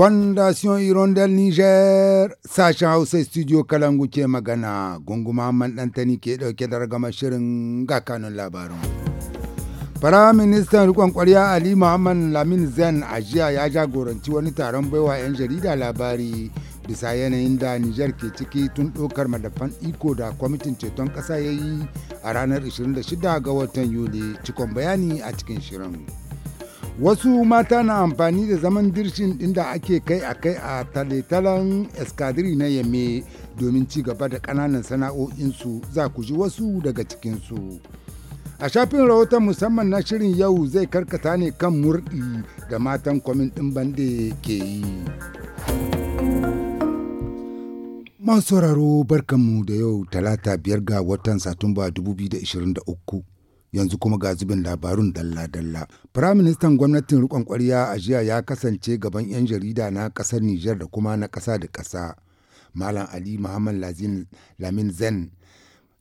Fondation irondel Niger sasha Hausa Studio Kalangu ke magana muhammad dantani ke ɗauke da ragama shirin ga kanun labarin. Firaministan rikon kwarya Ali Muhammad Lamin Zen a jiya ya jagoranci wani taron baiwa 'yan jarida labari bisa yanayin da Nijar ke ciki tun ɗaukar madafan iko da kwamitin ceton ƙasa ya yi a ranar 26 ga watan Yuli cikon bayani a cikin shirin. wasu mata na amfani da zaman dirshin inda ake kai a kai a taletalan eskadiri na yame domin ci gaba da kananan sana'o'insu za ku ji wasu daga cikinsu a shafin rahoton musamman na shirin yau zai karkata ne kan murɗi da matan kwamin ɗin bande ke yi masu sauraro barkanmu da yau talata biyar ga watan satumba 2023 yanzu kuma ga zubin labarun dalla-dalla. Firaministan gwamnatin rikon kwarya a jiya ya kasance gaban 'yan jarida na ƙasar Nijar da kuma na ƙasa da ƙasa. Malam Ali Muhammad Lazin Lamin Zen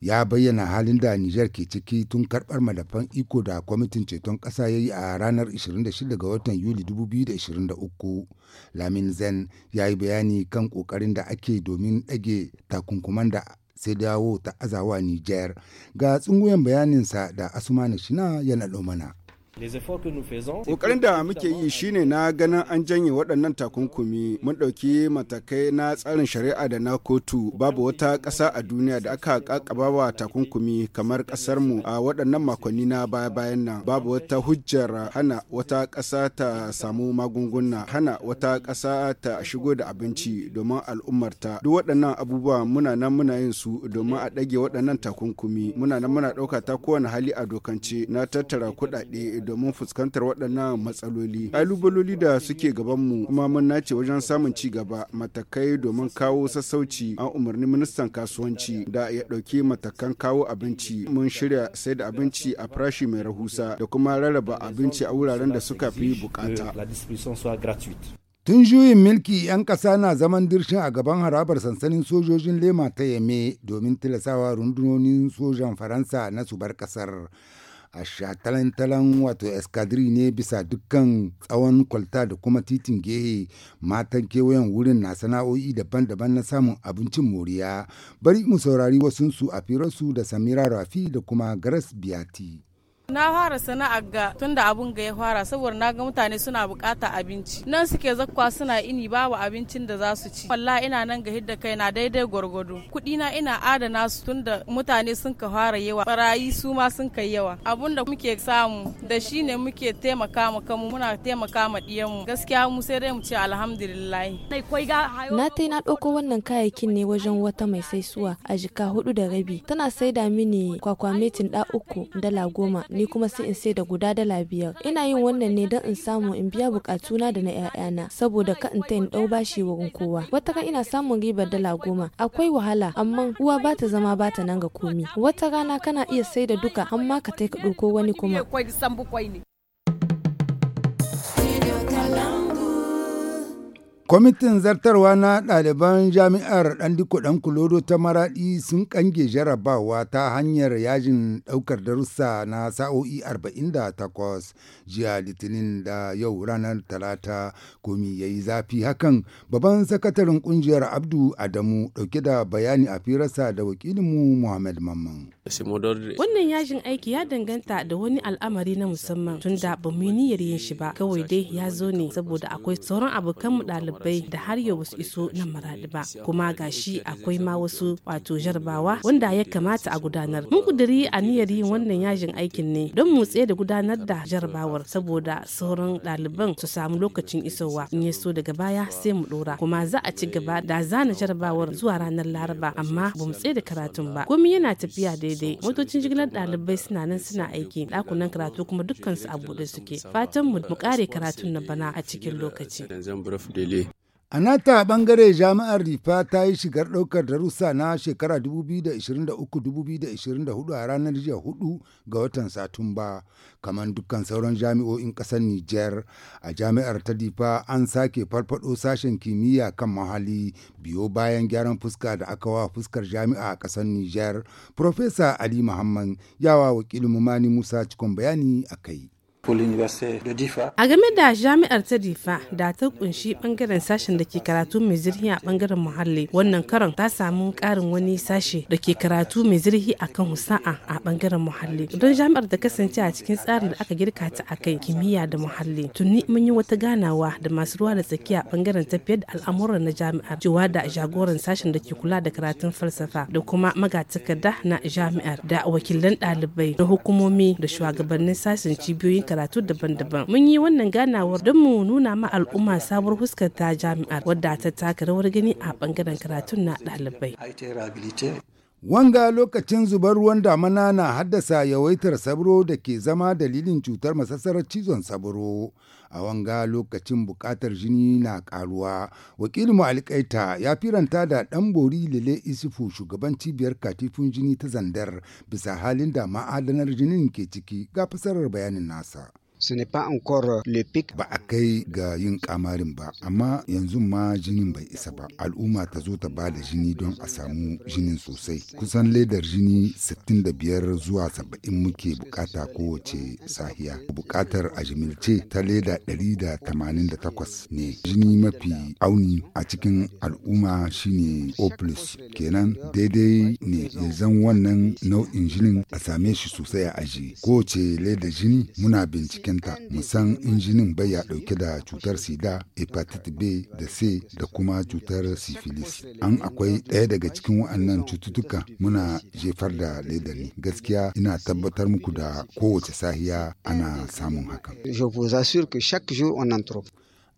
ya bayyana halin da Nijar ke ciki tun karɓar malafan iko da kwamitin ceton ƙasa ya yi a ranar 26 ga watan Yuli 2023. Lamin Zen ya yi bayani kan ƙoƙarin da ake domin ɗage takunkuman da sai dawo ta azawa Nijar ga tsunguyen bayaninsa da Asumani Shina yana naɗo mana. Ƙoƙarin da muke yi shine na ganin an janye waɗannan takunkumi mun ɗauki matakai na tsarin shari'a da na kotu babu wata ƙasa a duniya da aka ƙaƙabawa takunkumi kamar ƙasarmu a waɗannan makonni na baya-bayan nan babu wata hujjar hana wata ƙasa ta samu magunguna hana wata ƙasa ta shigo da abinci domin al'ummarta duk waɗannan abubuwa muna nan muna yin su domin a ɗage waɗannan takunkumi muna nan muna ɗauka ta kowane hali a dokance na tattara kuɗaɗe domin fuskantar waɗannan matsaloli ƙalubaloli da suke gabanmu kuma mun nace wajen samun ci gaba matakai domin kawo sassauci an umarni ministan kasuwanci da ya ɗauki matakan kawo abinci mun shirya sai da abinci a farashi mai rahusa da kuma rarraba abinci a wuraren da suka fi bukata tun juyin milki 'yan ƙasa na zaman dirshin a gaban harabar sansanin sojojin lema ta yame domin tilasawa rundunonin sojan faransa na su bar ƙasar a shatalantalan wato eskadri ne bisa dukkan tsawon kwalta da kuma titin gehe matan kewayen wurin na sana'o'i daban-daban na samun abincin moriya bari mu saurari wasunsu a firarsu da samira rafi da kuma garas biyati. Na fara sana'a ga tunda abun ga ya fara saboda na ga mutane suna bukata abinci. Nan suke zakwa suna ini babu abincin da za su ci. Walla ina nan ga hidda kai na daidai gwargwado. Kuɗi na ina adana su tunda mutane sun ka fara yawa. Barayi su ma sun kai yawa. Abun da muke samu da shi ne muke taimaka mu kanmu muna taimaka ma mu Gaskiya mu sai dai mu ce alhamdulillah. Na tai na ɗauko wannan kayayyakin ne wajen wata mai saisuwa a jika hudu da rabi. Tana saida mini kwakwa metin da uku dala goma ni kuma sai in sai da guda dala biyar ina yin wannan ne don in samu in biya na da na 'ya'yana saboda ka in ta in dau bashi wurin kowa wata kan ina samun ribar dala goma akwai wahala amma uwa ba ta zama ba ta nan ga komi wata rana kana iya sai da duka amma ka tai ka ɗauko wani kuma Kwamitin zartarwa na ɗaliban jami'ar Ɗandiko ɗan Kulodo ta Maraɗi sun ƙange jarabawa ta hanyar yajin ɗaukar darussa na sa'o'i 48 jiya Litinin da yau ranar Talata komi ya yi zafi hakan babban sakataren ƙungiyar Abdu Adamu ɗauke da bayani a firarsa da wakilinmu Muhammad Mamman. Wannan yajin aiki ya danganta da wani al'amari na musamman tun da ba mu yi niyyar yin shi ba kawai dai ya zo ne saboda akwai sauran abokan mu ɗalibai da har yau wasu iso nan maradi ba kuma gashi akwai ma wasu wato jarbawa wanda ya kamata a gudanar. Mun a niyyar yin wannan yajin aikin ne don mu tsaye da gudanar da jarabawar saboda sauran ɗaliban su samu lokacin isowa in ya so daga baya sai mu ɗora kuma za a ci gaba da zana jarabawar zuwa ranar laraba amma ba mu tsaye da karatun ba komai yana tafiya daidai daidai motocin jigilar ɗalibai suna nan suna aiki ɗakunan karatu kuma dukkan a buɗe suke fatan mu mu kare karatun na bana a cikin lokaci A nata bangare jami'ar Rifa ta yi shigar ɗaukar darussa na shekara 2023-2024 a ranar jiya 4 ga watan Satumba, kamar dukkan sauran jami'o'in ƙasar Nijar. A jami'ar ta Rifa an sake farfaɗo sashen kimiyya kan mahali biyo bayan gyaran fuska da aka wa fuskar jami'a a ƙasar Nijar. Profesa Ali Muhammad yawa wakilin Mumani Musa cikon bayani a kai. A game da jami'ar ta Difa da ta kunshi bangaren sashen da ke karatu mai zirhi a bangaren muhalli wannan karon ta samu karin wani sashe da ke karatu mai zirhi a kan husa'a a bangaren muhalli. Don jami'ar ta kasance a cikin tsarin da aka girka ta a kai kimiyya da muhalli. Tuni mun yi wata ganawa da masu ruwa da tsakiya bangaren tafiyar da al'amuran na jami'ar cewa da jagoran sashen da ke kula da karatun falsafa da kuma magatakarda na jami'ar da wakilan ɗalibai da hukumomi da shugabannin sashen cibiyoyin karatu karatu daban-daban mun yi wannan ganawar don mu nuna ma al'umma sabuwar fuskar ta jami'ar wadda ta taka rawar gani a bangaren karatun na ɗalibai Wanga lokacin zubar ruwan damana na haddasa yawaitar sabro da ke zama dalilin cutar masassarar cizon sabro. a wanga lokacin buƙatar jini na ƙaruwa wakilin alƙaita ya firanta da ɗan bori lele isufu shugaban cibiyar katifin jini ta zandar bisa halin da ma'adanar jinin ke ciki ga fasarar bayanin nasa. encore le pic. Ba a kai ga yin kamarin ba, amma yanzu ma jinin bai isa ba. Al'umma ta zo ta ba da jini don a samu jinin sosai. Kusan ledar jini 65 zuwa 70 muke bukata kowace sahiya. Bukatar a jimilce ta leda 188 ne. Jini mafi auni a cikin al'umma shine O+. Kenan daidai ne zan wannan nau'in jinin a same shi sosai a aji. Kowace ledar jini muna bincike jikinta musan injinin bai ya dauke da cutar sida hepatitis b da c da kuma cutar syphilis an akwai ɗaya daga cikin waɗannan cututtuka muna jefar da ledani gaskiya ina tabbatar muku da kowace sahiya ana samun hakan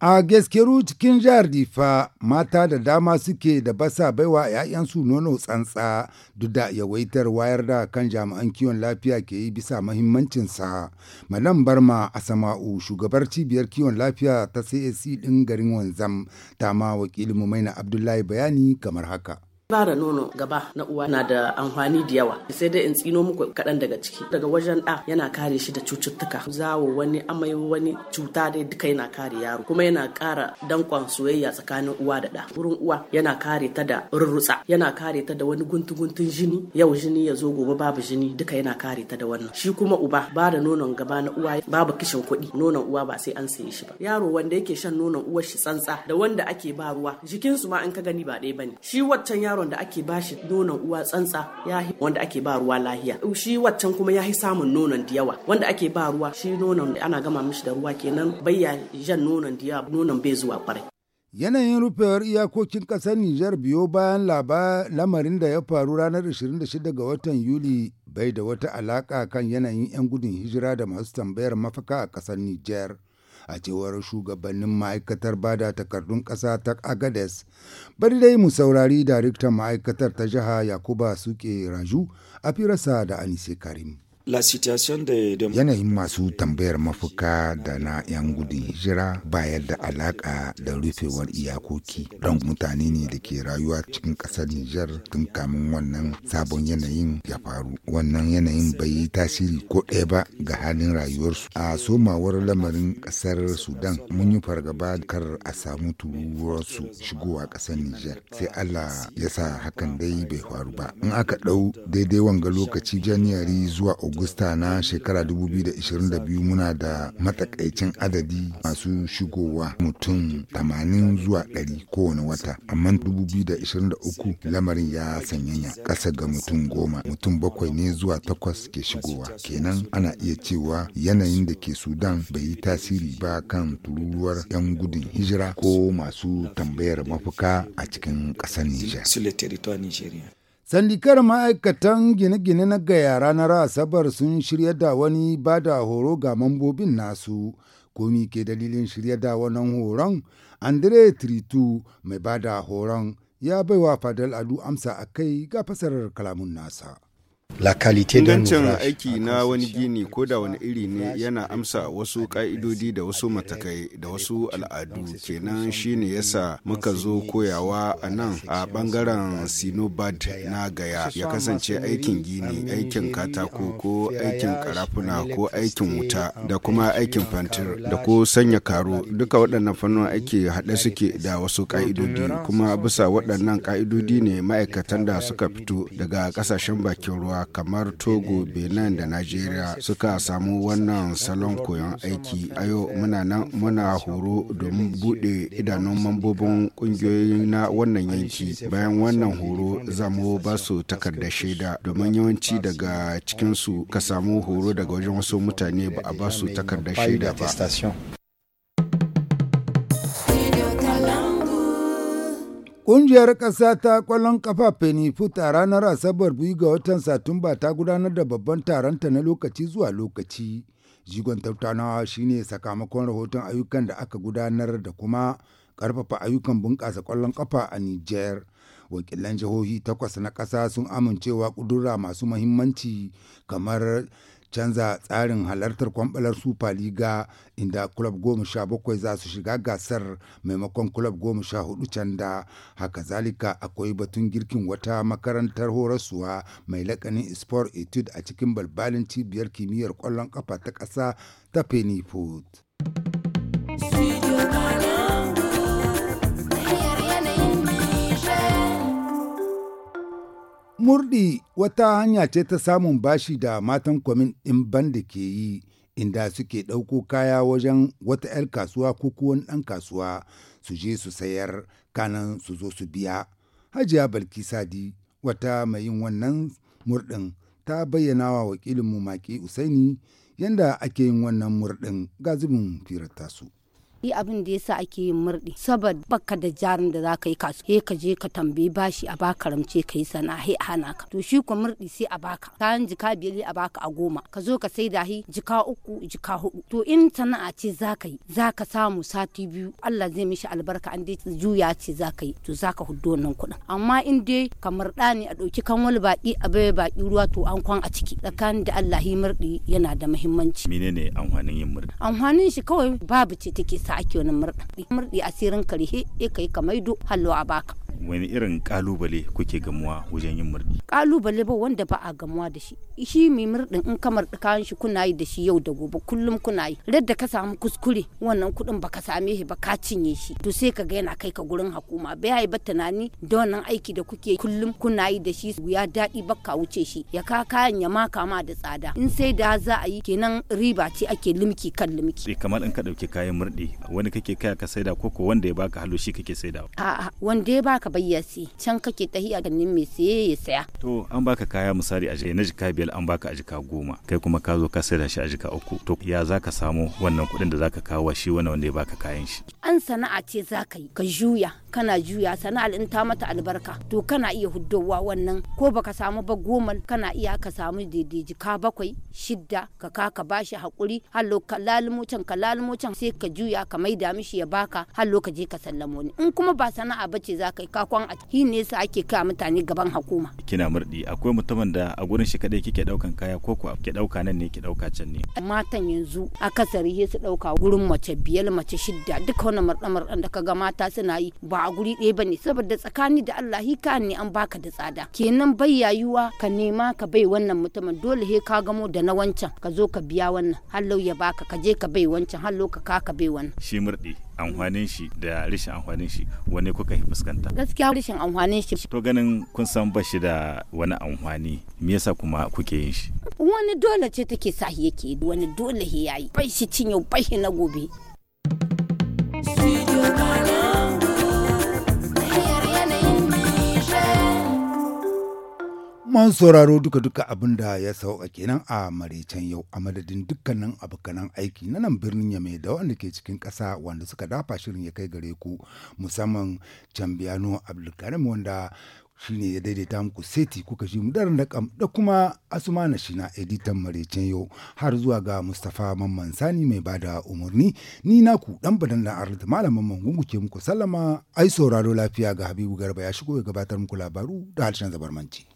A gaskeru cikin jihar Difa mata da dama suke da basa baiwa ‘ya'yansu nono tsantsa duk da yawaitar wayar da kan jami'an kiwon lafiya ke yi bisa mahimmancinsa. Malam Barma sama'u, shugabar cibiyar kiwon lafiya ta CAC ɗin garin Wanzam ta ma wakilin Maina Abdullahi bayani kamar haka. Bara nono gaba na uwa na da amfani da yawa sai dai in tsino muku kaɗan daga ciki daga wajen ɗa yana kare shi da cututtuka zawo wani amai wani cuta dai duka yana kare yaro kuma yana kara danƙon soyayya tsakanin uwa da da. wurin uwa yana kare ta da rurrutsa yana kare ta da wani guntu-guntun jini yau jini ya zo gobe babu jini duka yana kare ta da wannan shi kuma uba ba da nonon gaba na uwa babu kishin kuɗi nonon uwa ba sai an saye shi ba yaro wanda yake shan nonon uwar shi tsantsa da wanda ake ba ruwa jikinsu ma in ka gani ba ɗaya bane shi waccan yaro yaron da ake bashi nonon uwa tsantsa ya wanda ake ba ruwa lahiya shi waccan kuma ya samun nonon da yawa wanda ake ba ruwa shi nonon ana gama mishi da ruwa kenan bayya jan nonon da yawa nonon bai zuwa kwarai Yanayin rufewar iyakokin ƙasar Nijar biyo bayan lamarin da ya faru ranar 26 ga watan Yuli bai da wata alaka kan yanayin 'yan gudun hijira da masu tambayar mafaka a ƙasar Nijar. a cewar shugabannin ma'aikatar bada takardun ƙasa ta agades bari dai mu saurari daraktan ma'aikatar ta jiha yakuba suke raju a firarsa da anise karim Yanayin masu tambayar mafuka da na 'yan gudun hijira bayar da alaƙa da rufewar iyakoki don mutane ne da ke rayuwa cikin ƙasar Nijar tun kamin wannan sabon yanayin ya faru. Wannan yanayin bai yi tasiri ko ɗaya ba ga halin rayuwarsu. A somawar lamarin ƙasar Sudan mun yi fargaba kar a samu turuwarsu shigowa ƙasar Nijar. Sai Allah ya sa hakan dai bai faru ba. In aka ɗau daidai wanga lokaci Janairu zuwa Agusta na shekara 2022 muna da matakaicin adadi masu shigowa mutum 80 zuwa 100 kowane wata. Amma 2023 lamarin ya sanyanya ƙasa ga mutum goma, mutum bakwai ne zuwa takwas ke shigowa. Kenan ana iya cewa yanayin da ke Sudan bai yi tasiri ba kan tururuwar 'yan gudun hijira ko masu tambayar mafuka a cikin ƙasar Nijar. Sandikar ma'aikatan gine-gine na gaya ranar Asabar sun shirya da wani ba da horo ga mambobin nasu. Komi ke dalilin shirya da wannan horon, Andre Tritu mai ba da horon ya baiwa Fadal Alu amsa a kai ga fasarar kalamun nasa. Ingancin aiki na wani gini ko da wani iri ne yana amsa wasu ka'idodi da wasu matakai da wasu al'adu kenan shine yasa muka zo koyawa a nan a ɓangaren sinobad na gaya ya kasance aikin gini aikin katako ko aikin karafuna ko aikin wuta da kuma aikin fantir da ko sanya karo duka waɗannan fannin aiki haɗe suke da wasu ka'idodi kuma bisa waɗannan ka'idodi ne ma'aikatan da suka fito daga ƙasashen bakin ruwa kamar Togo, Benin da Nigeria suka samu wannan salon koyon aiki. A yau muna nan muna horo domin bude idanun mambobin ƙungiyoyi na wannan yanki. Bayan wannan horo zamu mu ba su takardar shaida domin yawanci daga cikinsu ka samu horo daga wajen wasu mutane ba a ba su takardar shaida ba. Ƙungiyar ƙasa ta ƙwallon ƙafa Fenifuta ranar Asabar biyu ga watan Satumba ta gudanar da babban taronta na lokaci zuwa lokaci. Jigon tattaunawa shine sakamakon rahoton ayyukan da aka gudanar da kuma ƙarfafa ayyukan bunƙasa ƙwallon ƙafa a Nijar. Wakilan jihohi takwas na ƙasa sun amincewa ƙudura masu mahimmanci kamar canza tsarin halartar kwambalar super liga inda club goma sha bakwai za su shiga gasar maimakon club goma sha hudu can da haka zalika akwai batun girkin wata makarantar horasuwa mai lakanin sport etude a cikin balbalin cibiyar kimiyyar kwallon kafa ta ƙasa ta pennyfoot. Murɗi wata hanya ce ta samun bashi da matan kwamin ɗin banda ke yi, inda suke ɗauko kaya wajen wata 'yar kasuwa ko kuwan ɗan kasuwa su je su sayar kanan su zo su biya. Hajiya Balki Sadi, wata mai yin wannan murɗin, ta bayyana wa wakilinmu Maki Usaini yadda ake yin wannan murɗin ga firar tasu. yi abin da yasa ake yin murɗi saboda baka da jarin da zaka yi kasu he ka je ka tambayi bashi a baka ramce ka yi sana'a he hana ka to shi ko murɗi sai a baka kayan jika biyar a baka a goma ka zo ka sai da hi jika uku jika hudu to in sana'a ce zaka yi zaka samu sati biyu Allah zai mishi albarka an dai juya ce zaka yi to zaka huddo wannan kuɗin amma in dai ka murɗa ne a ɗauki wani baki a bai baki ruwa to an kwan a ciki tsakanin da Allah yi murɗi yana da muhimmanci menene amfanin yin murɗi amfanin shi kawai babu ce take sa ake wani murɗi murɗi asirin kare he e kai ka maido hallo a baka wani irin kalubale kuke gamuwa wajen yin murɗi kalubale ba wanda ba a gamuwa da shi shi mai murɗin in ka murɗi kayan shi kuna yi da shi yau da gobe kullum kuna yi da ka samu kuskure wannan kuɗin baka same shi ba ka cinye shi to sai ka ga yana kai ka gurin hakuma bai yi ba tunani da wannan aiki da kuke kullum kuna yi da shi ya daɗi ka wuce shi ya ka kayan ya maka ma da tsada in sai da za a yi kenan riba ce ake limki kan limki kamar in ka ɗauki kayan murɗi wani kake kaya ka saida ko ko wanda ya baka halo shi kake saidawa a'a wanda ya baka bayyasi can kake tahiya ga nin mai siye ya saya to an baka kaya misali a jika na jika biyar an baka a jika goma kai kuma ka zo ka saida shi a jika uku to ya zaka samu wannan kuɗin da zaka kawo shi wannan wanda ya baka kayan shi an sana'a ce zaka yi ka juya kana juya sana'ar in ta mata albarka to kana iya huddowa wannan ko baka samu ba goma kana iya ka samu daidaiji ka bakwai shidda ka ka ka bashi hakuri hallo ka lalmucan ka lalmucan sai ka juya ka maida mishi ya baka hallo ka je ka sallamo ni in kuma ba sana'a bace za ka yi kakon a hi ne sa ake kawo mutane gaban hukuma kina murdi akwai mutumin da a gurin shi kadai kike daukan kaya ko ko ke dauka nan ne ke dauka can ne matan yanzu akasari sai su dauka gurin mace biyar mace shidda duka wannan marɗa-marɗan da ka ga mata suna yi ba a guri ɗaya bane saboda tsakani da Allah hika ne an baka da tsada kenan bai yayuwa ka nema ka bai wannan mutumin dole he ka gamo da na wancan ka zo ka biya wannan hallau ya baka ka je ka bai wancan hallau ka ka bai wannan shi murɗi amfanin shi da rashin amfanin shi wani kuka yi fuskanta gaskiya rashin amfanin shi to ganin kun san ba shi da wani amfani me yasa kuma kuke yin shi wani dole ce take sa yake wani dole he yayi bai shi cinye bai na gobe an sauraro duka-duka abin da ya sauka kenan a maraicen yau a madadin dukkanin abokanan aiki na nan birnin yame da wanda ke cikin ƙasa wanda suka dafa shirin ya kai gare ku musamman biyano abdulkarim wanda shine ya daidaita muku seti kuka shi mudarin da kam da kuma asumana shi na editan maraicen yau har zuwa ga mustapha mamman sani mai bada umarni ni naku dan badan da arlita malamin mangu ke muku sallama ai sauraro lafiya ga habibu garba ya shigo ya gabatar muku labaru da harshen zabarmanci.